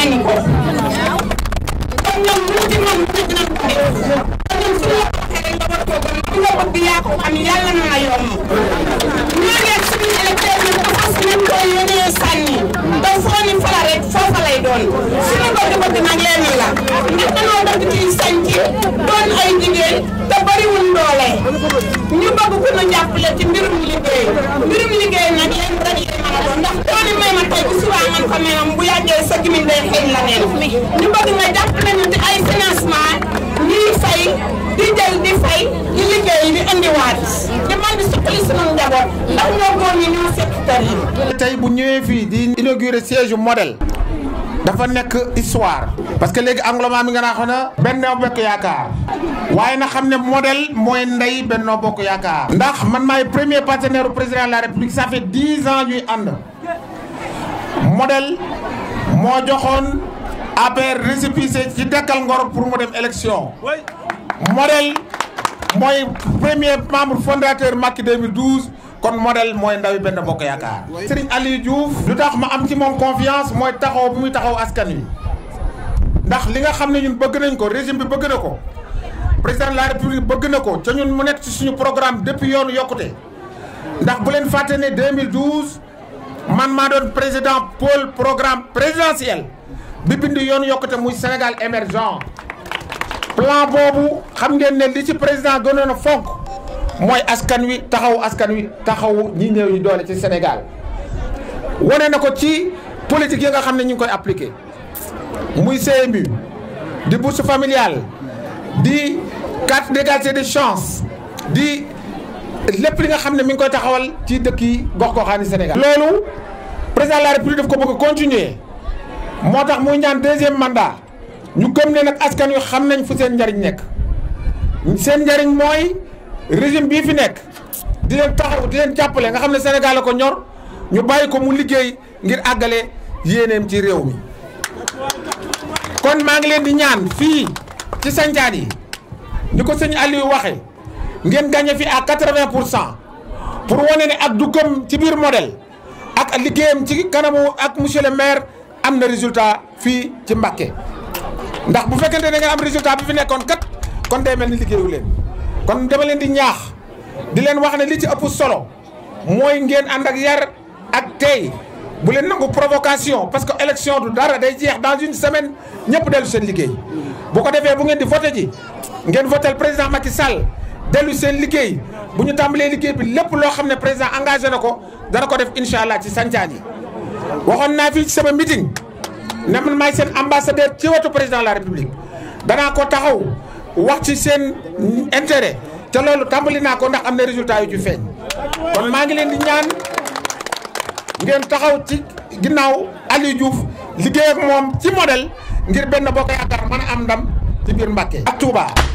nañu ko kon ñoom lu ci mën def nañ ko te ñun su ma waxee rek nga war koo gëm ku nga bëgg yaa ko am yàlla na la yomb ñoo nekk suñu électeur yi dafa fas nañ koy yónnee sànni ba foo ni fala rek foofa lay doon suñu bëgg-bëgg nag leen la ndax danoo bëgg ci sànci doon ay jigéen te bariwul doole ñu bëgg ku ñu jàppale ci mbirum liggéey mbirum liggéey nag leen rek lay mën a doon ndax doone may ma tey bu subaa man ko mayam bu mi day xëy na neen ñu bëgg nga jàppale ñu ci ay financement ñuy fay di jël di fay di liggéey di indiwaat di man di suqali sunu njaboot ndax ñoo góor ñi ñoo secteur yi tey bu ñëwee fii di inauguré siège modèle dafa nekk histoire parce que léegi englement mi nga naa xam ne Benno Bokk Yaakaar waaye na xam ne modèle mooy ndey Benno Bokk Yaakaar ndax man maay premier partenaire u président de la république ça fait dix ans ñuy ànd modèle moo joxoon APR récépissé ci Dekkal Ngor pour mu dem élection modèle mooy premier membre fondateur Macky 2012 kon modèle mooy ndawi benn bokk yaakaar Serigne Aliou Diouf lu tax ma am ci moom confiance mooy taxaw bu muy taxaw askan wi ndax li nga xam ne ñun bëgg nañ ko régime bi bëgg na ko président la république bëgg na ko ca ñun mu nekk ci suñu programme depuis yoonu yokkute ndax bu leen fàtte ne 2012 man maa doon président pôle programme présidentiel bi bind yoon yokkute muy Sénégal émergent plan boobu xam ngeen ne li ci président gënoon a fonk mooy askan wi taxaw askan wi taxaw ñi néew yi doole ci Sénégal wane na ko ci politique yi nga xam ne ñu koy appliqué muy CMU di bourse familiale di carte d'égalité des chances di lépp li nga xam ne mi ngi koy taxawal ci dëkk yi gox goxaani Sénégal loolu président de la république daf ko bëgg a continuer moo tax muy ñaan deuxième mandat ñu gëm ne nag askan yu xam nañ fu seen njariñ nekk seen njariñ mooy régime bii fi nekk di leen taxaw di leen jàppale nga xam ne Sénégal ko ñor ñu bàyyi ko mu liggéey ngir àggale yéeneem ci réew mi kon maa ngi leen di ñaan fii ci sancaan yi ni ko sëñ Aliou waxe ngeen gagné fi à 80 pour cent pour wane ne ak du gëm ci biir modèle ak liggéeyam ci kanamu ak monsieur le maire am na résultat fii ci Mbacké ndax bu fekkente ne nga am résultat bi fi nekkoon kat kon day mel ni liggéeyu leen kon dama leen di ñaax di leen wax ne li ci ëpp solo mooy ngeen ànd ak yar ak tey bu leen nangu provocation parce que élection du dara day jeex dans une semaine ñëpp dellu seen liggéey bu ko defee bu ngeen di voté ji ngeen votel président Macky Sall. dellu seen liggéey bu ñu tàmbalee liggéey bi lépp loo xam ne président engagé na ko dana ko def incha allah ci sancaan yi waxoon naa fii ci sama meeting ne man maay seen ambassadeur ci wetu président la république danaa ko taxaw wax ci seen intérêt te loolu tàmbali ko ndax am na résultat yu ci feeñ kon maa ngi leen di ñaan ngeen taxaw ci ginnaaw Aliou Diouf liggéey moom ci modèle ngir benn bokk yaakaar mën a am ndam ci biir Mbàkke ak Touba.